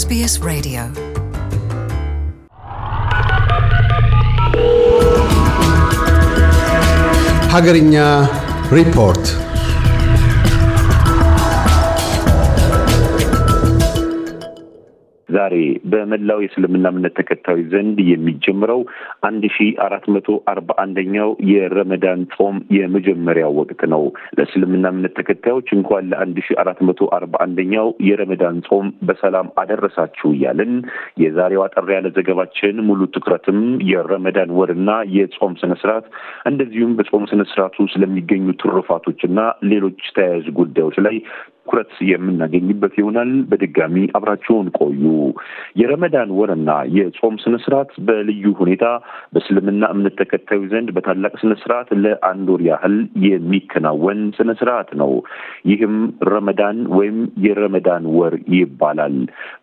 SBS Radio ሀገርኛ ሪፖርት ዛሬ በመላው የእስልምና እምነት ተከታዮች ዘንድ የሚጀምረው አንድ ሺ አራት መቶ አርባ አንደኛው የረመዳን ጾም የመጀመሪያ ወቅት ነው። ለእስልምና እምነት ተከታዮች እንኳን ለአንድ ሺ አራት መቶ አርባ አንደኛው የረመዳን ጾም በሰላም አደረሳችሁ እያልን የዛሬው አጠር ያለ ዘገባችን ሙሉ ትኩረትም የረመዳን ወርና የጾም ስነስርዓት እንደዚሁም በጾም ስነስርዓቱ ስለሚገኙ ትሩፋቶችና ሌሎች ተያያዥ ጉዳዮች ላይ ትኩረት የምናገኝበት ይሆናል። በድጋሚ አብራችሁን ቆዩ። የረመዳን ወርና የጾም ስነስርዓት በልዩ ሁኔታ በእስልምና እምነት ተከታዩ ዘንድ በታላቅ ስነስርዓት ለአንድ ወር ያህል የሚከናወን ስነስርዓት ነው። ይህም ረመዳን ወይም የረመዳን ወር ይባላል።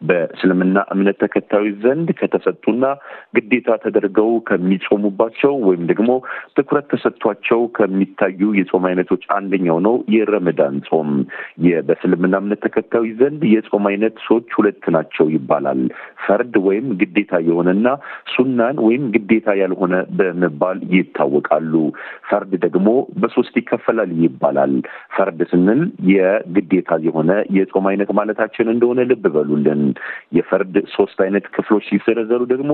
በእስልምና እምነት ተከታዮች ዘንድ ከተሰጡና ግዴታ ተደርገው ከሚጾሙባቸው ወይም ደግሞ ትኩረት ተሰጥቷቸው ከሚታዩ የጾም አይነቶች አንደኛው ነው የረመዳን ጾም። በእስልምና እምነት ተከታዮች ዘንድ የጾም አይነቶች ሁለት ናቸው ይባላል። ፈርድ ወይም ግዴታ የሆነና ሱናን ወይም ግዴታ ያልሆነ በመባል ይታወቃሉ። ፈርድ ደግሞ በሶስት ይከፈላል ይባላል። ፈርድ ስንል የግዴታ የሆነ የጾም አይነት ማለታችን እንደሆነ ልብ በሉልን። የፈርድ ሶስት አይነት ክፍሎች ሲዘረዘሩ ደግሞ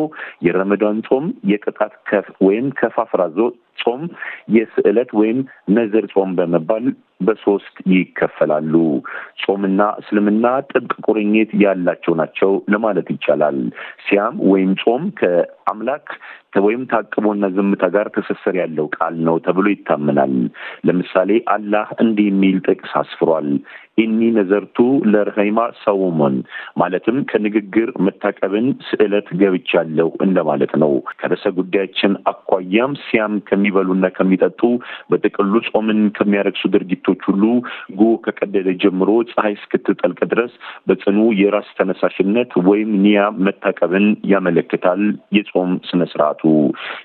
የረመዳን ጾም፣ የቅጣት ከፍ ወይም ከፋፍራዞ ጾም የስዕለት ወይም ነዝር ጾም በመባል በሶስት ይከፈላሉ። ጾምና እስልምና ጥብቅ ቁርኝት ያላቸው ናቸው ለማለት ይቻላል። ሲያም ወይም ጾም ከ አምላክ ወይም ታቅቦና ዝምታ ጋር ትስስር ያለው ቃል ነው ተብሎ ይታመናል። ለምሳሌ አላህ እንዲህ የሚል ጥቅስ አስፍሯል። ኢኒ ነዘርቱ ለርሀይማ ሰውሙን ማለትም ከንግግር መታቀብን ስዕለት ገብቻለሁ እንደማለት ነው። ከርዕሰ ጉዳያችን አኳያም ሲያም ከሚበሉና ከሚጠጡ በጥቅሉ ጾምን ከሚያረግሱ ድርጊቶች ሁሉ ጉ ከቀደደ ጀምሮ ፀሐይ እስክትጠልቅ ድረስ በጽኑ የራስ ተነሳሽነት ወይም ኒያ መታቀብን ያመለክታል የጾ የጾም ስነስርዓቱ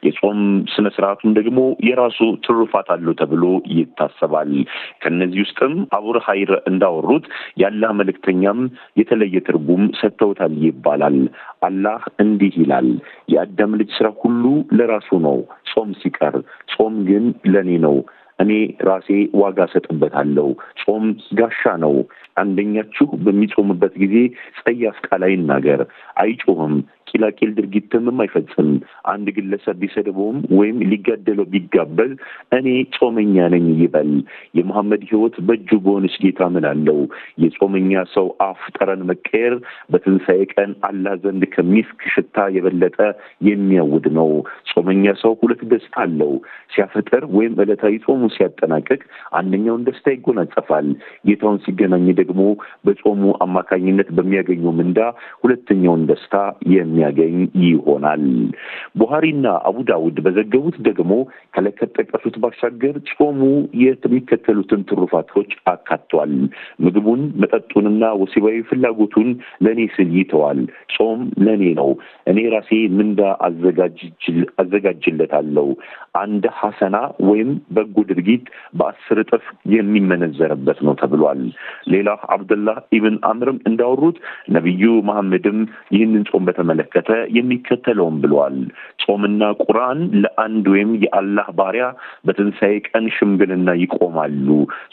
የጾም ስነስርዓቱም ደግሞ የራሱ ትሩፋት አለው ተብሎ ይታሰባል። ከነዚህ ውስጥም አቡር ሀይር እንዳወሩት የአላህ መልእክተኛም የተለየ ትርጉም ሰጥተውታል ይባላል። አላህ እንዲህ ይላል፣ የአዳም ልጅ ስራ ሁሉ ለራሱ ነው፣ ጾም ሲቀር፣ ጾም ግን ለእኔ ነው እኔ ራሴ ዋጋ ሰጥበታለሁ። ጾም ጋሻ ነው። አንደኛችሁ በሚጾምበት ጊዜ ጸያፍ ቃል አይናገር፣ አይጮህም፣ አኪላኪል ድርጊትም አይፈጽምም። አንድ ግለሰብ ቢሰድበውም ወይም ሊጋደለው ቢጋበዝ እኔ ጾመኛ ነኝ ይበል። የመሐመድ ህይወት በእጁ በሆንስ ጌታ ምን አለው? የጾመኛ ሰው አፍ ጠረን መቀየር በትንሣኤ ቀን አላ ዘንድ ከሚስክ ሽታ የበለጠ የሚያውድ ነው። ጾመኛ ሰው ሁለት ደስታ አለው። ሲያፈጥር ወይም ዕለታዊ ጾሙ ሲያጠናቅቅ አንደኛውን ደስታ ይጎናጸፋል። ጌታውን ሲገናኝ ደግሞ በጾሙ አማካኝነት በሚያገኘው ምንዳ ሁለተኛውን ደስታ የሚያ የሚያገኝ ይሆናል። ቡሃሪና አቡ ዳውድ በዘገቡት ደግሞ ከላይ ከጠቀሱት ባሻገር ጾሙ የሚከተሉትን ትሩፋቶች አካቷል። ምግቡን፣ መጠጡንና ወሲባዊ ፍላጎቱን ለእኔ ስል ይተዋል። ጾም ለእኔ ነው። እኔ ራሴ ምንዳ አዘጋጅለታለሁ። አንድ ሐሰና ወይም በጎ ድርጊት በአስር እጥፍ የሚመነዘርበት ነው ተብሏል። ሌላ አብደላህ ኢብን አምርም እንዳወሩት ነቢዩ መሐመድም ይህንን ጾም በተመለከተ በተመለከተ የሚከተለውም ብለዋል። ጾምና ቁርአን ለአንድ ወይም የአላህ ባሪያ በትንሣኤ ቀን ሽምግልና ይቆማሉ።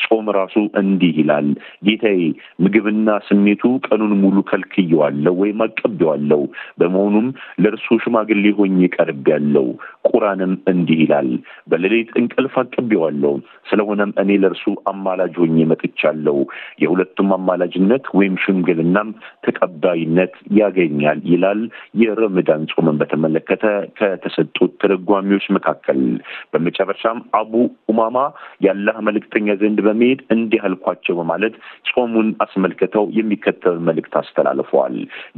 ጾም ራሱ እንዲህ ይላል፣ ጌታዬ ምግብና ስሜቱ ቀኑን ሙሉ ከልክየዋለሁ ወይም አቀቤዋለሁ። በመሆኑም ለእርሱ ሽማግሌ ሆኜ ቀርቤያለሁ። ቁርአንም እንዲህ ይላል፣ በሌሊት እንቅልፍ አቀቤዋለሁ። ስለሆነም እኔ ለእርሱ አማላጅ ሆኜ መጥቻለሁ። የሁለቱም አማላጅነት ወይም ሽምግልናም ተቀባይነት ያገኛል ይላል። የረመዳን ጾምን በተመለከተ ከተሰጡት ትርጓሚዎች መካከል በመጨረሻም አቡ ኡማማ የአላህ መልእክተኛ ዘንድ በመሄድ እንዲህ አልኳቸው በማለት ጾሙን አስመልክተው የሚከተል መልእክት አስተላልፈዋል።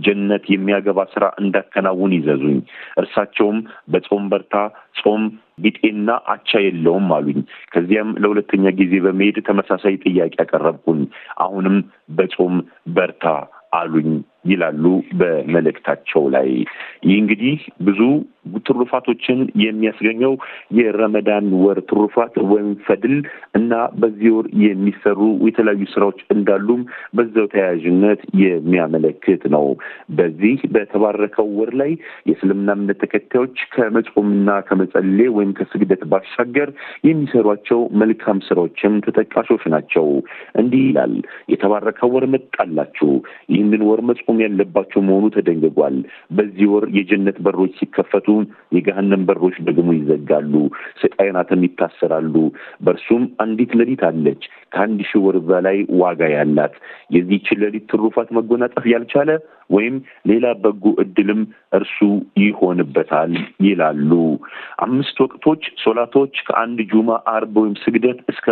ጀነት የሚያገባ ስራ እንዳከናውን ይዘዙኝ። እርሳቸውም በጾም በርታ፣ ጾም ቢጤና አቻ የለውም አሉኝ። ከዚያም ለሁለተኛ ጊዜ በመሄድ ተመሳሳይ ጥያቄ ያቀረብኩኝ፣ አሁንም በጾም በርታ አሉኝ ይላሉ በመልእክታቸው ላይ። ይህ እንግዲህ ብዙ ትሩፋቶችን የሚያስገኘው የረመዳን ወር ትሩፋት ወይም ፈድል እና በዚህ ወር የሚሰሩ የተለያዩ ስራዎች እንዳሉም በዛው ተያያዥነት የሚያመለክት ነው። በዚህ በተባረከው ወር ላይ የእስልምና እምነት ተከታዮች ከመጾምና ከመጸሌ ወይም ከስግደት ባሻገር የሚሰሯቸው መልካም ስራዎችም ተጠቃሾች ናቸው። እንዲህ ይላል። የተባረከው ወር መጣላችሁ። ይህንን ወር መጾም መቆም ያለባቸው መሆኑ ተደንግጓል። በዚህ ወር የጀነት በሮች ሲከፈቱ፣ የገሃነም በሮች ደግሞ ይዘጋሉ። ሰይጣናትም ይታሰራሉ። በእርሱም አንዲት ሌሊት አለች ከአንድ ሺህ ወር በላይ ዋጋ ያላት። የዚህች ሌሊት ትሩፋት መጎናጸፍ ያልቻለ ወይም ሌላ በጎ እድልም እርሱ ይሆንበታል ይላሉ። አምስት ወቅቶች ሶላቶች ከአንድ ጁማ አርብ ወይም ስግደት እስከ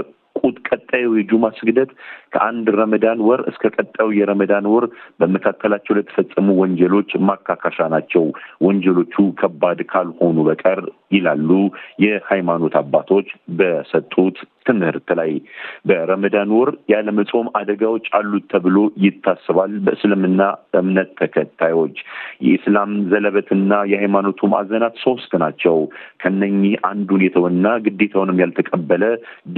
ቁጥ ቀጣዩ የጁማ ስግደት ከአንድ ረመዳን ወር እስከ ቀጣዩ የረመዳን ወር በመካከላቸው ለተፈጸሙ ወንጀሎች ማካካሻ ናቸው፣ ወንጀሎቹ ከባድ ካልሆኑ በቀር ይላሉ የሃይማኖት አባቶች በሰጡት ትምህርት ላይ በረመዳን ወር ያለመጾም አደጋዎች አሉት ተብሎ ይታሰባል። በእስልምና እምነት ተከታዮች የኢስላም ዘለበትና የሃይማኖቱ ማዕዘናት ሶስት ናቸው። ከነኚህ አንዱን የተወና ግዴታውንም ያልተቀበለ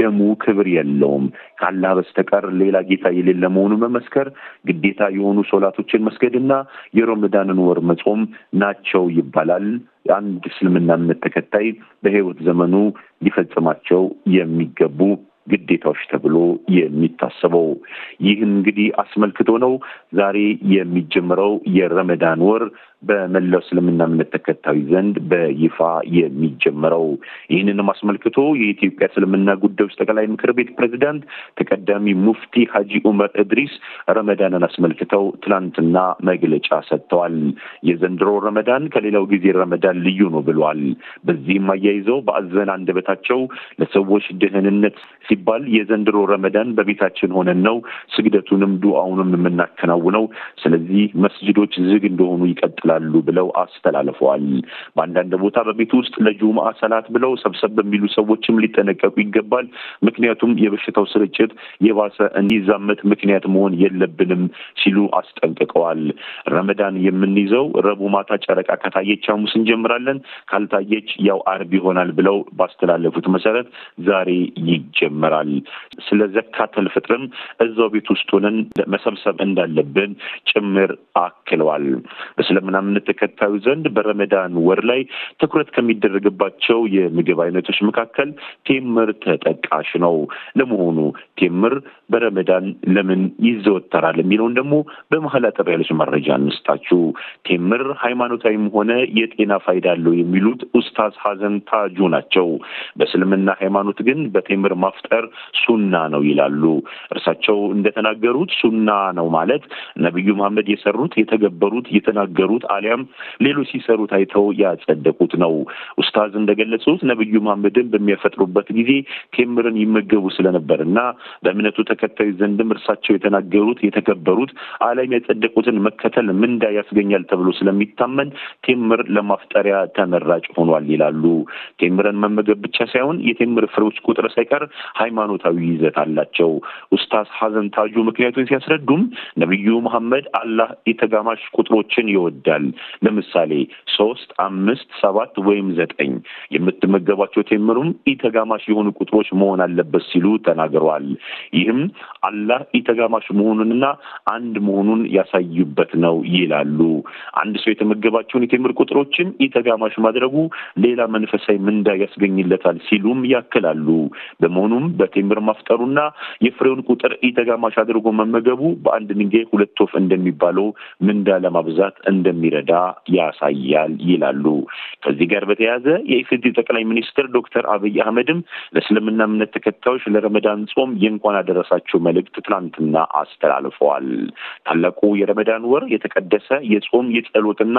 ደሙ ክብር የለውም። ካላህ በስተቀር ሌላ ጌታ የሌለ መሆኑን መመስከር፣ ግዴታ የሆኑ ሶላቶችን መስገድና የረመዳንን ወር መጾም ናቸው ይባላል። የአንድ እስልምና እምነት ተከታይ በህይወት ዘመኑ ሊፈጽማቸው የሚገቡ ግዴታዎች ተብሎ የሚታሰበው ይህን እንግዲህ አስመልክቶ ነው ዛሬ የሚጀምረው የረመዳን ወር በመላው እስልምና እምነት ተከታዩ ዘንድ በይፋ የሚጀመረው። ይህንንም አስመልክቶ የኢትዮጵያ እስልምና ጉዳዮች ጠቅላይ ምክር ቤት ፕሬዚዳንት ተቀዳሚ ሙፍቲ ሀጂ ኡመር እድሪስ ረመዳንን አስመልክተው ትናንትና መግለጫ ሰጥተዋል። የዘንድሮ ረመዳን ከሌላው ጊዜ ረመዳን ልዩ ነው ብለዋል። በዚህም አያይዘው በአዘን አንደበታቸው ለሰዎች ደህንነት ሲባል የዘንድሮ ረመዳን በቤታችን ሆነን ነው ስግደቱንም ዱአውንም የምናከናውነው። ስለዚህ መስጅዶች ዝግ እንደሆኑ ይቀጥላል ይችላሉ ብለው አስተላልፈዋል። በአንዳንድ ቦታ በቤት ውስጥ ለጁምአ ሰላት ብለው ሰብሰብ በሚሉ ሰዎችም ሊጠነቀቁ ይገባል። ምክንያቱም የበሽታው ስርጭት የባሰ እንዲዛመት ምክንያት መሆን የለብንም ሲሉ አስጠንቅቀዋል። ረመዳን የምንይዘው ረቡዕ ማታ ጨረቃ ከታየች ሐሙስ እንጀምራለን፣ ካልታየች ያው አርብ ይሆናል ብለው ባስተላለፉት መሰረት ዛሬ ይጀመራል። ስለ ዘካተል ፍጥርም እዛው ቤት ውስጥ ሆነን መሰብሰብ እንዳለብን ጭምር አክለዋል። እስልምና እምነት ተከታዩ ዘንድ በረመዳን ወር ላይ ትኩረት ከሚደረግባቸው የምግብ አይነቶች መካከል ቴምር ተጠቃሽ ነው። ለመሆኑ ቴምር በረመዳን ለምን ይዘወተራል የሚለውን ደግሞ በመሀል አጠር ያለች መረጃ እንስጣችሁ። ቴምር ሃይማኖታዊም ሆነ የጤና ፋይዳ አለው የሚሉት ኡስታዝ ሀዘን ታጁ ናቸው። በእስልምና ሃይማኖት ግን በቴምር ማፍጠር ሱና ነው ይላሉ። እርሳቸው እንደተናገሩት ሱና ነው ማለት ነቢዩ መሐመድ የሰሩት የተገበሩት የተናገሩት አሊያም ሌሎች ሲሰሩት አይተው ያጸደቁት ነው። ኡስታዝ እንደገለጹት ነብዩ መሐመድን በሚያፈጥሩበት ጊዜ ቴምርን ይመገቡ ስለነበር እና በእምነቱ ተከታዮች ዘንድም እርሳቸው የተናገሩት የተከበሩት አሊያም ያጸደቁትን መከተል ምንዳ ያስገኛል ተብሎ ስለሚታመን ቴምር ለማፍጠሪያ ተመራጭ ሆኗል ይላሉ። ቴምርን መመገብ ብቻ ሳይሆን የቴምር ፍሬዎች ቁጥር ሳይቀር ሃይማኖታዊ ይዘት አላቸው። ኡስታዝ ሀዘን ታጁ ምክንያቱን ሲያስረዱም ነቢዩ መሐመድ አላህ የተጋማሽ ቁጥሮችን ይወዳል ቀን ለምሳሌ ሶስት፣ አምስት፣ ሰባት ወይም ዘጠኝ የምትመገቧቸው ቴምሩም ኢተጋማሽ የሆኑ ቁጥሮች መሆን አለበት ሲሉ ተናግረዋል። ይህም አላህ ኢተጋማሽ መሆኑንና አንድ መሆኑን ያሳዩበት ነው ይላሉ። አንድ ሰው የተመገባቸውን የቴምር ቁጥሮችን ኢተጋማሽ ማድረጉ ሌላ መንፈሳዊ ምንዳ ያስገኝለታል ሲሉም ያክላሉ። በመሆኑም በቴምር ማፍጠሩና የፍሬውን ቁጥር ኢተጋማሽ አድርጎ መመገቡ በአንድ ድንጋይ ሁለት ወፍ እንደሚባለው ምንዳ ለማብዛት እንደሚ እንደሚረዳ ያሳያል ይላሉ። ከዚህ ጋር በተያያዘ የኢፌዴሪ ጠቅላይ ሚኒስትር ዶክተር አብይ አህመድም ለእስልምና እምነት ተከታዮች ለረመዳን ጾም የእንኳን አደረሳቸው መልእክት ትናንትና አስተላልፈዋል። ታላቁ የረመዳን ወር የተቀደሰ የጾም የጸሎትና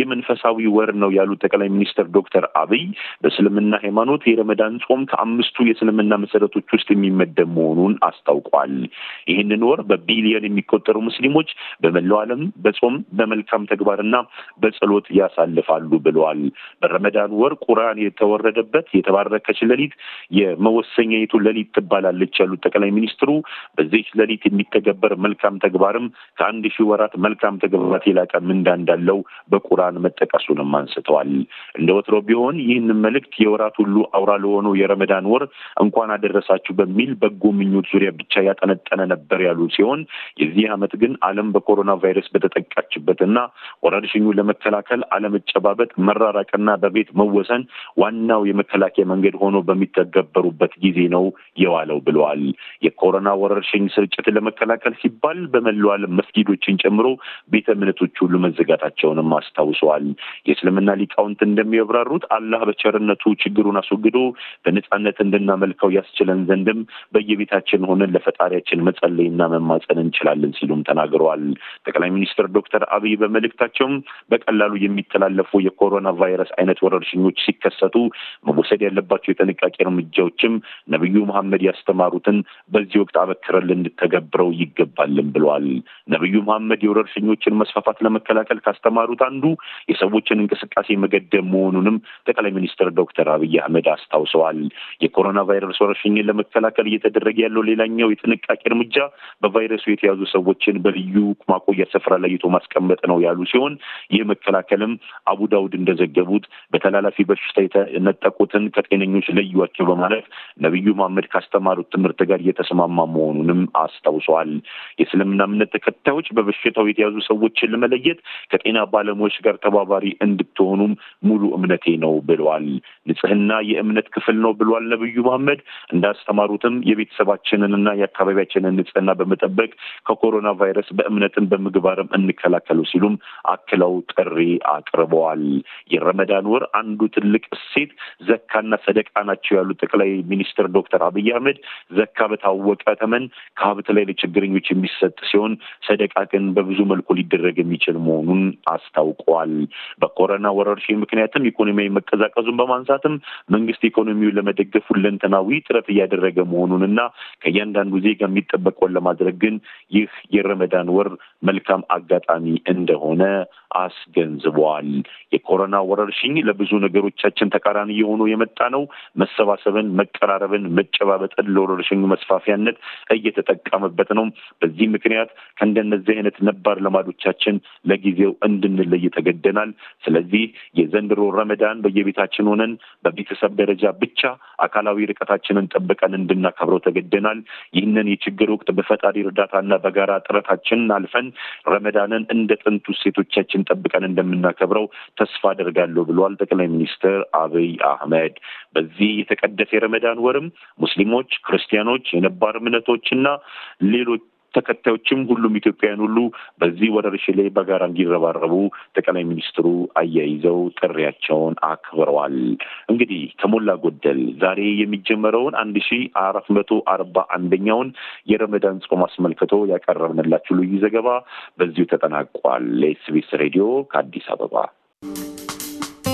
የመንፈሳዊ ወር ነው ያሉት ጠቅላይ ሚኒስትር ዶክተር አብይ በእስልምና ሃይማኖት የረመዳን ጾም ከአምስቱ የእስልምና መሰረቶች ውስጥ የሚመደብ መሆኑን አስታውቋል። ይህንን ወር በቢሊዮን የሚቆጠሩ ሙስሊሞች በመላው ዓለም በጾም በመልካም ተግባር እና በጸሎት ያሳልፋሉ ብለዋል። በረመዳን ወር ቁርአን የተወረደበት የተባረከች ሌሊት የመወሰኛይቱ ሌሊት ትባላለች ያሉት ጠቅላይ ሚኒስትሩ በዚች ሌሊት የሚተገበር መልካም ተግባርም ከአንድ ሺህ ወራት መልካም ተግባራት የላቀ ምንዳ እንዳለው በቁርአን መጠቀሱንም አንስተዋል። እንደ ወትሮ ቢሆን ይህን መልእክት የወራት ሁሉ አውራ ለሆነው የረመዳን ወር እንኳን አደረሳችሁ በሚል በጎ ምኞት ዙሪያ ብቻ ያጠነጠነ ነበር ያሉ ሲሆን የዚህ ዓመት ግን ዓለም በኮሮና ቫይረስ በተጠቃችበትና ወረርሽኙን ለመከላከል አለመጨባበጥ፣ መራራቅና በቤት መወሰን ዋናው የመከላከያ መንገድ ሆኖ በሚተገበሩበት ጊዜ ነው የዋለው ብለዋል። የኮሮና ወረርሽኝ ስርጭት ለመከላከል ሲባል በመላው ዓለም መስጊዶችን ጨምሮ ቤተ እምነቶች ሁሉ መዘጋታቸውንም አስታውሰዋል። የእስልምና ሊቃውንት እንደሚያብራሩት አላህ በቸርነቱ ችግሩን አስወግዶ በነጻነት እንድናመልከው ያስችለን ዘንድም በየቤታችን ሆነን ለፈጣሪያችን መጸለይና መማጸን እንችላለን ሲሉም ተናግረዋል። ጠቅላይ ሚኒስትር ዶክተር አብይ በመልእክታቸው ናቸውም። በቀላሉ የሚተላለፉ የኮሮና ቫይረስ አይነት ወረርሽኞች ሲከሰቱ መወሰድ ያለባቸው የጥንቃቄ እርምጃዎችም ነቢዩ መሐመድ ያስተማሩትን በዚህ ወቅት አበክረን ልንተገብረው ይገባልን ብለዋል። ነቢዩ መሐመድ የወረርሽኞችን መስፋፋት ለመከላከል ካስተማሩት አንዱ የሰዎችን እንቅስቃሴ መገደብ መሆኑንም ጠቅላይ ሚኒስትር ዶክተር አብይ አህመድ አስታውሰዋል። የኮሮና ቫይረስ ወረርሽኝን ለመከላከል እየተደረገ ያለው ሌላኛው የጥንቃቄ እርምጃ በቫይረሱ የተያዙ ሰዎችን በልዩ ማቆያ ስፍራ ለይቶ ማስቀመጥ ነው ያሉ ሲሆን ሲሆን ይህ መከላከልም አቡ ዳውድ እንደዘገቡት በተላላፊ በሽታ የነጠቁትን ከጤነኞች ለዩቸው በማለት ነቢዩ መሐመድ ካስተማሩት ትምህርት ጋር እየተስማማ መሆኑንም አስታውሰዋል። የእስልምና እምነት ተከታዮች በበሽታው የተያዙ ሰዎችን ለመለየት ከጤና ባለሙያዎች ጋር ተባባሪ እንድትሆኑም ሙሉ እምነቴ ነው ብለዋል። ንጽህና የእምነት ክፍል ነው ብለዋል ነቢዩ መሐመድ። እንዳስተማሩትም የቤተሰባችንንና የአካባቢያችንን ንጽህና በመጠበቅ ከኮሮና ቫይረስ በእምነትም በምግባርም እንከላከሉ ሲሉም አክለው ጥሪ አቅርበዋል። የረመዳን ወር አንዱ ትልቅ እሴት ዘካና ሰደቃ ናቸው ያሉት ጠቅላይ ሚኒስትር ዶክተር አብይ አህመድ ዘካ በታወቀ ተመን ከሀብት ላይ ለችግረኞች የሚሰጥ ሲሆን ሰደቃ ግን በብዙ መልኩ ሊደረግ የሚችል መሆኑን አስታውቀዋል። በኮረና ወረርሽኝ ምክንያትም ኢኮኖሚያዊ መቀዛቀዙን በማንሳትም መንግስት ኢኮኖሚውን ለመደገፍ ሁለንተናዊ ጥረት እያደረገ እና ከእያንዳንዱ ዜጋ የሚጠበቀውን ለማድረግ ግን ይህ የረመዳን ወር መልካም አጋጣሚ እንደሆነ አስገንዝቧል። የኮሮና ወረርሽኝ ለብዙ ነገሮቻችን ተቃራኒ የሆኑ የመጣ ነው። መሰባሰብን፣ መቀራረብን፣ መጨባበጥን ለወረርሽኙ መስፋፊያነት እየተጠቀመበት ነው። በዚህ ምክንያት ከእንደነዚህ አይነት ነባር ልማዶቻችን ለጊዜው እንድንለይ ተገደናል። ስለዚህ የዘንድሮ ረመዳን በየቤታችን ሆነን በቤተሰብ ደረጃ ብቻ አካላዊ ርቀታችንን ጠብቀን እንድናከብረው ተገደናል። ይህንን የችግር ወቅት በፈጣሪ እርዳታና በጋራ ጥረታችንን አልፈን ረመዳንን እንደ ጥንቱ ሴቶቻችን ሁላችን ጠብቀን እንደምናከብረው ተስፋ አደርጋለሁ ብሏል ጠቅላይ ሚኒስትር አብይ አህመድ። በዚህ የተቀደሰ የረመዳን ወርም ሙስሊሞች፣ ክርስቲያኖች፣ የነባር እምነቶችና ሌሎች ተከታዮችም ሁሉም ኢትዮጵያውያን ሁሉ በዚህ ወረርሽኝ ላይ በጋራ እንዲረባረቡ ጠቅላይ ሚኒስትሩ አያይዘው ጥሪያቸውን አክብረዋል። እንግዲህ ከሞላ ጎደል ዛሬ የሚጀመረውን አንድ ሺ አራት መቶ አርባ አንደኛውን የረመዳን ጾም አስመልክቶ ያቀረብንላችሁ ልዩ ዘገባ በዚሁ ተጠናቋል። ለኤስቢኤስ ሬዲዮ ከአዲስ አበባ